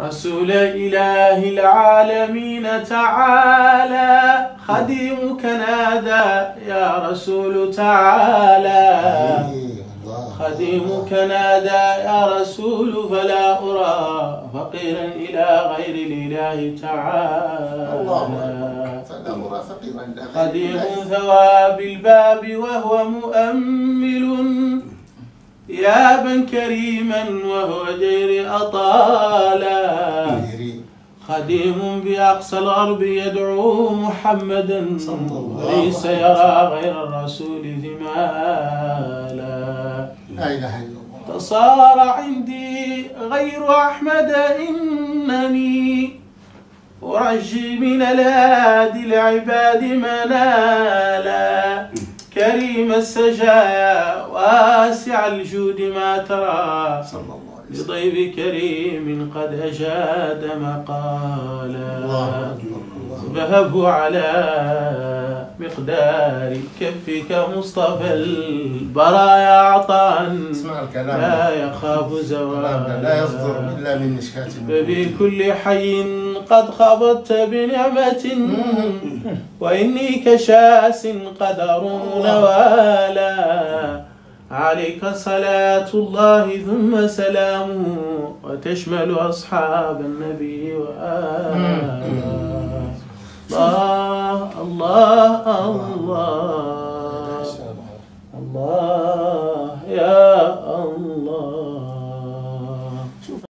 رسول إله العالمين تعالى خديمك نادى يا رسول تعالى خديمك نادى يا رسول فلا أرى فقيرا إلى غير الإله تعالى الله قديم ثواب الباب وهو مؤمل يا بن كريما وهو جير أطالا قديم بأقصى الغرب يدعو محمدا ليس يرى غير الرسول ذمالا لا إله إلا الله تصار عندي غير أحمد إنني أرجي من الهادي العباد منالا كريم السجايا واسع الجود ما ترى صلى الله لضيف كريم قد أجاد مقالا فهب على مقدار كفك مصطفى البرايا عطاء لا يخاف زوالا لا يصدر إلا من نشكات ففي كل حي قد خبطت بنعمة وإني كشاس قدر نوالا عليك صلاة الله ثم سلامه وتشمل أصحاب النبي وآله الله الله الله الله يا الله